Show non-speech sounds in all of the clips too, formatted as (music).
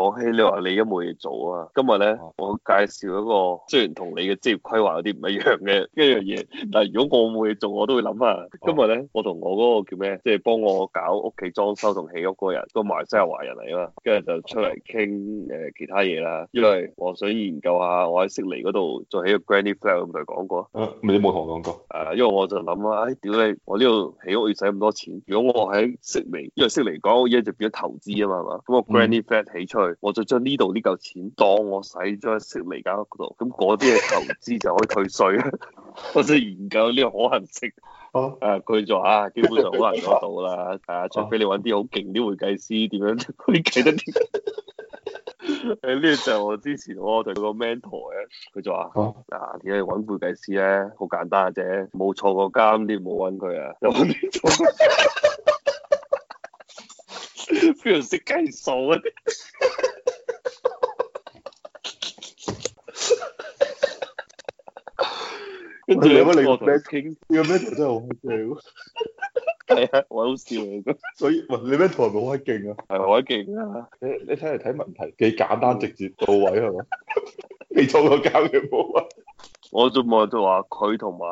講起你話你而家冇嘢做啊！今日咧，啊、我介紹一個雖然同你嘅職業規劃有啲唔一樣嘅一樣嘢， (laughs) 但係如果我冇嘢做，我都會諗啊！今日咧，我同我嗰個叫咩？即、就、係、是、幫我搞屋企裝修同起屋嗰個人，個馬來西亞華人嚟㗎嘛！跟住就出嚟傾誒其他嘢啦，因為我想研究下我喺悉尼嗰度再起個 granny flat 有冇人講過？誒、啊，咪啲冇人講過、啊。因為我就諗啊，誒、哎，點解我呢度起屋要使咁多錢？如果我喺悉尼，因為悉尼講嘅嘢就變咗投資啊嘛，係嘛？咁個 granny flat 起出去。嗯。我就將呢度呢嚿錢當我使咗息嚟搞嗰度，咁嗰啲嘅投資就可以退稅。 (laughs) 我再研究呢個可行性。啊，佢就話：，基本上好難攞到啦。啊，啊除非你揾啲好勁啲會計師，點樣佢計得啲。呢呢就我之前我同個 mentor 咧，佢就話：，啊，點解揾會計師咧？好簡單嘅啫，冇坐過監啲，冇揾佢啊。有冇呢種？ (laughs) 不如識計數啊！跟住你乜你咩台？你咩台真係好正，係啊，好好笑啊！所以喂，你咩台係咪好勁啊？係好勁啊！你你睇嚟睇問題幾簡單直接到位係嘛？你坐過監嘅冇啊？我就冇就話佢同埋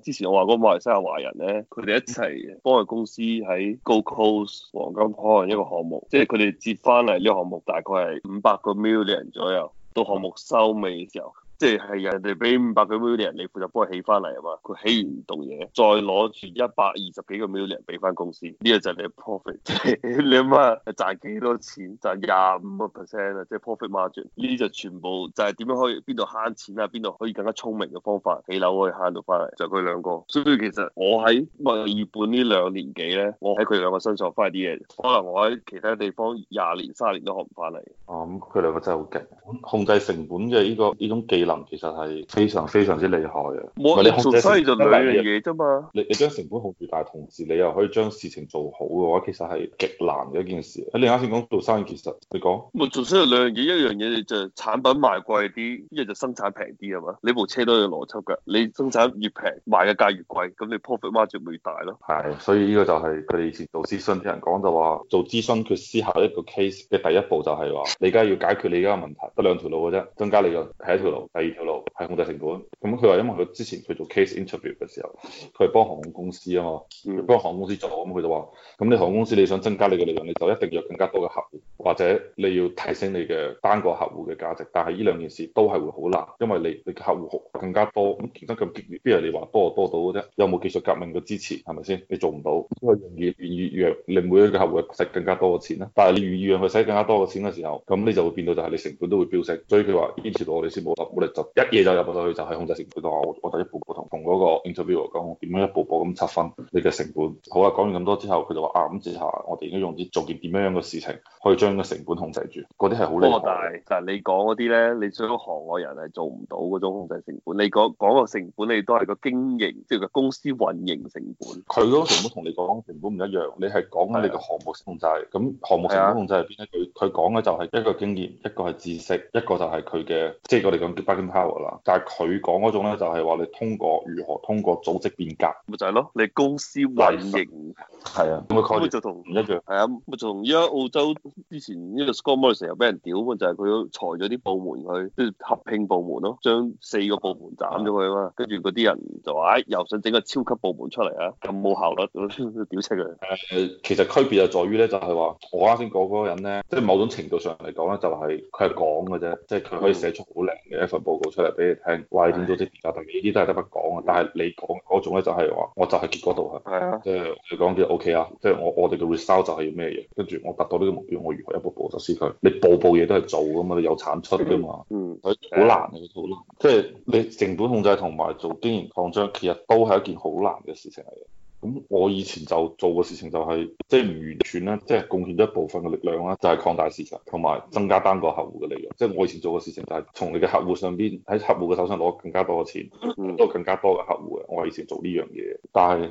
誒，之前我話嗰馬來西亞華人咧，佢哋一齊幫佢公司喺 Gold Coast 黃金海岸一個項目，即係佢哋接翻嚟呢個項目，大概係五百個 million 左右，到項目收尾嘅時候。即係係人哋俾五百個 million，你負責幫佢起翻嚟係嘛？佢起完棟嘢，再攞住一百二十幾個 million 俾翻公司，呢個就係你嘅 profit， (laughs) 你諗下，係賺幾多錢？賺廿五個 percent 啊，即係 profit margin。呢啲就全部就係點樣可以邊度慳錢啊？邊度可以更加聰明嘅方法起樓可以慳到翻嚟？就佢兩個，所以其實我喺墨爾本呢兩年幾咧，我喺佢兩個身上學翻啲嘢，可能我喺其他地方廿年三十年都學唔翻嚟。哦，咁佢兩個真係好勁，控制成本嘅呢、呢個呢種技。其實係非常非常之厲害嘅。唔哇你做生意就兩樣嘢啫嘛。你 (laughs) 你將成本控住，大，同時你又可以將事情做好嘅話，其實係極難嘅一件事。啊、嗯，你啱先講做生意，其實你講，咪仲需要兩樣嘢？一樣嘢就產品賣貴啲，一樣就生產平啲啊嘛。你部車都有邏輯嘅，你生產越平，賣嘅價越貴，咁你 profit margin 咪越大咯。係，所以呢個就係佢哋以前做諮詢啲人講，就話做諮詢佢思考一個 case 嘅第一步就係話，你而家要解決你而家嘅問題，得兩條路嘅啫，增加你嘅係一條路。第二條路係控制成本。咁佢話因為佢之前佢做 case interview 嘅時候，佢係幫航空公司啊嘛，佢、嗯、幫航空公司做咁佢就話，咁你航空公司你想增加你嘅利潤，你就一定要有更加多嘅客戶，或者你要提升你嘅單個客戶嘅價值。但係呢兩件事都係會好難，因為你你嘅客戶更加多，咁競爭咁激烈，不如你話多就多到啫？有冇技術革命嘅支持係咪先？你做唔到。因為願意願意讓你每一個客戶使更加多嘅錢啦。但係你願意讓佢使更加多嘅錢嘅時候，咁你就會變到就係你成本都會飆升。所以佢話堅持到我哋先冇得。」就一夜就入到去就係控制成本嘅，我我就一步步同同嗰個 interviewer 講我點樣一步步咁測分你嘅成本。好啊，講完咁多之後，佢就話啊，咁、嗯、接下我哋應該用啲做件點樣樣嘅事情，可以將個成本控制住。嗰啲係好，不過、哦、但係你講嗰啲咧，你最行外人係做唔到嗰種控制成本。你講講個成本，你都係個經營，即係個公司運營成本。佢嗰個成本同你講成本唔一樣，你係講緊你個項目控制。咁項目成本控制係邊咧？佢佢講嘅就係一個經驗，一個係知識，一個就係佢嘅，即係我哋講。Power 啦，但係佢講嗰種咧，就係話你通過如何通過組織變革，咪就係咯，你公司運營係啊，咁咪就同唔一樣，係啊，咪就同依家澳洲之前呢個 Score 模式又俾人屌嘛，就係、是、佢裁咗啲部門去，即、就、係、是、合併部門咯，將四個部門斬咗佢啊嘛，跟住嗰啲人就話唉、哎，又想整個超級部門出嚟啊，咁冇效率屌青佢。 (laughs) 出其實區別就在於咧，就係話我啱先講嗰個人咧，即係某種程度上嚟講咧， (music) 就係佢係講嘅啫，即係佢可以寫出好靚嘅一份，嗯嗯報告出嚟俾你聽，壞點組織調查，特別呢啲都係得不講、就是、啊。但係你講嗰種咧，就係、是、話我就係結果導向，即係你講啲 OK 啊，即係我我哋嘅 result 就係要咩嘢，跟住我達到呢個目標，我如何一步步就施佢，你一步一步嘢都係做噶嘛，你有產出噶嘛，嗯。嗯，好難啊，好即係你成本控制同埋做經營擴張，其實都係一件好難嘅事情嚟嘅。咁我以前就做嘅事情就係，即係唔完全啦，即係貢獻咗一部分嘅力量啦，就係擴大市場，同埋增加單個客戶嘅利潤。即係我以前做嘅事情就係從你嘅客戶上邊喺客戶嘅手上攞更加多嘅錢，多更加多嘅客戶嘅。我以前做呢樣嘢，但係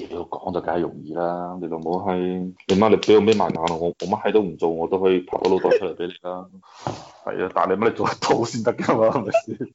你要講就梗係容易啦，你老母閪，你媽你俾我咩萬萬我我乜閪都唔做，我都可以拍個老竇出嚟俾你啦。係啊，但係你乜你做得到先得㗎嘛，係咪先？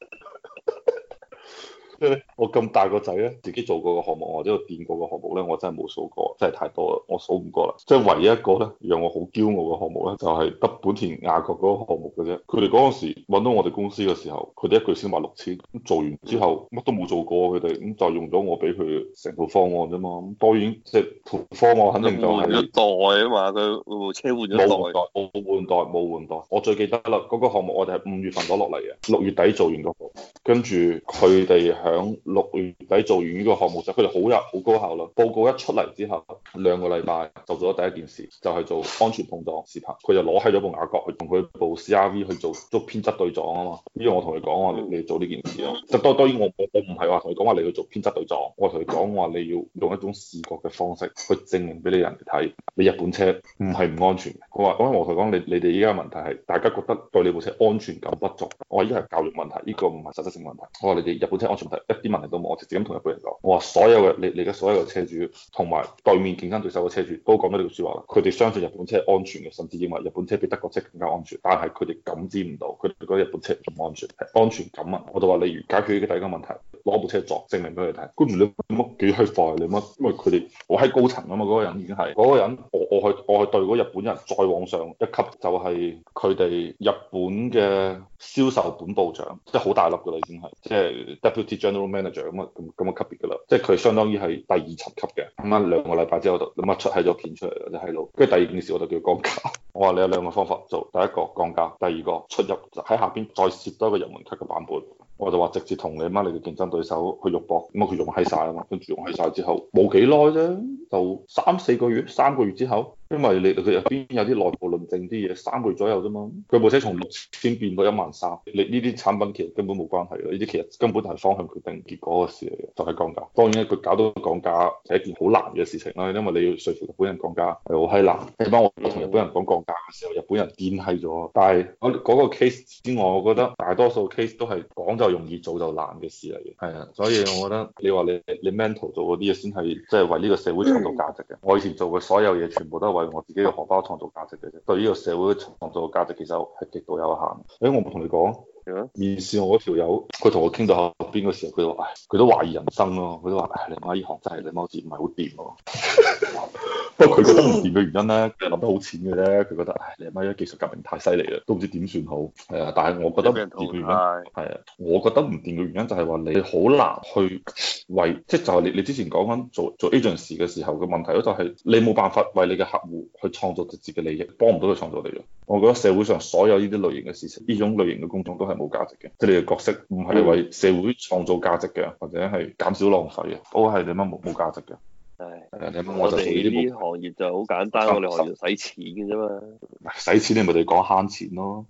即係咧，我咁大個仔咧，自己做過嘅項目或者我掂過嘅項目咧，我真係冇數過，真係太多啦，我數唔過啦。即係唯一一個咧，讓我好驕傲嘅項目咧，就係、是、得本田雅閣嗰個項目嘅啫。佢哋嗰陣時揾到我哋公司嘅時候，佢哋一句先話六千，咁做完之後乜都冇做過，佢哋咁就用咗我俾佢成套方案啫嘛。當然即係方案肯定就係、是、換，換，換代啊嘛，佢部車換咗冇換代冇換代冇換代，我最記得啦嗰、那個項目，我哋係五月份攞落嚟嘅，六月底做完嗰個，跟住佢哋。響六月底做完呢個項目就，佢哋好有好高效啦。報告一出嚟之後，兩個禮拜就做咗第一件事，就係、是、做安全碰撞視頻。佢就攞起咗部雅閣去同佢部 CRV 去做做偏置對撞啊嘛。呢樣我同佢講話，你做呢件事咯。即係當當然我我唔係話同佢講話你要做偏置對撞，我同佢講話你要用一種視覺嘅方式去證明俾你人哋睇，你日本車唔係唔安全。我話，我喺我同佢講，你你哋依家問題係，大家覺得對你部車安全感不足。我話依家係教育問題，呢個唔係實質性問題。我話你哋日本車安全問題一啲問題都冇。我直接咁同日本人講，我話所有嘅你你而家所有嘅車主，同埋對面競爭對手嘅車主都講咗呢句説話啦。佢哋相信日本車係安全嘅，甚至認為日本車比德國車更加安全。但係佢哋感知唔到，佢哋覺得日本車唔安全，係安全感啊！我就話例如解決依個第一個問題。攞部車作證明俾你哋睇，跟住你乜幾閪快？你乜因為佢哋我喺高層啊嘛，嗰個人已經係嗰個人，我我去我去對嗰日本人再往上一級，就係佢哋日本嘅銷售本部長，即係好大粒噶啦，已經係即係 Deputy General Manager 咁啊咁咁嘅級別噶啦，即係佢相當於係第二層級嘅。咁啊兩個禮拜之後就乜出喺咗片出嚟就喺度，跟住第二件事我就叫降價，我話你有兩個方法做，第一個降價，第二個出入就喺下邊再攝多一個入門級嘅版本。我就話直接同你乜你嘅競爭對手去肉搏，咁啊佢用晒啊嘛，跟住用晒之後冇幾耐啫，就三四個月，三個月之後。因為你佢入邊有啲內部論證啲嘢，三個月左右啫嘛。佢部車從六千變到一萬三，你呢啲產品其實根本冇關係嘅，呢啲其實根本就係方向決定結果嘅事嚟嘅，就係降價。當然咧，佢搞到降價係一件好難嘅事情啦。因為你要説服日本人降價係好閪難。你幫我同日本人講降價嘅時候，日本人癲閪咗。但係我嗰個 case 之外，我覺得大多數 case 都係講就容易，做就難嘅事嚟嘅。係啊，所以我覺得你話你你 mental 做嗰啲嘢先係即係為呢個社會創造價值嘅。我以前做嘅所有嘢全部都為我自己嘅荷包創造價值嘅啫，對呢個社會創造價值其實係極度有限、欸麼。誒，我唔同你講，面試我嗰條友，佢同我傾到下邊嘅時候，佢話：，誒，佢都懷疑人生咯、啊，佢都話：，你媽呢行真係你媽好似唔係好掂喎。不過佢覺得唔掂嘅原因咧，佢諗得好淺嘅啫。佢覺得唉，你阿媽依家技術革命太犀利啦，都唔知點算好。係啊，但係我覺得唔掂嘅原因係啊，我覺得唔掂嘅原因就係話你好難去為，即係就係、是、你你之前講緊做做 agency 嘅時候嘅問題咯，就係你冇辦法為你嘅客戶去創造直接嘅利益，幫唔到佢創造利益。我覺得社會上所有呢啲類型嘅事情，呢種類型嘅工作都係冇價值嘅，即、就、係、是、你嘅角色唔係為社會創造價值嘅，或者係減少浪費嘅，都係點樣冇冇價值嘅。唉，我哋呢啲行業就好簡單，70，我哋行業使錢嘅啫嘛。使錢，你咪就講慳錢咯。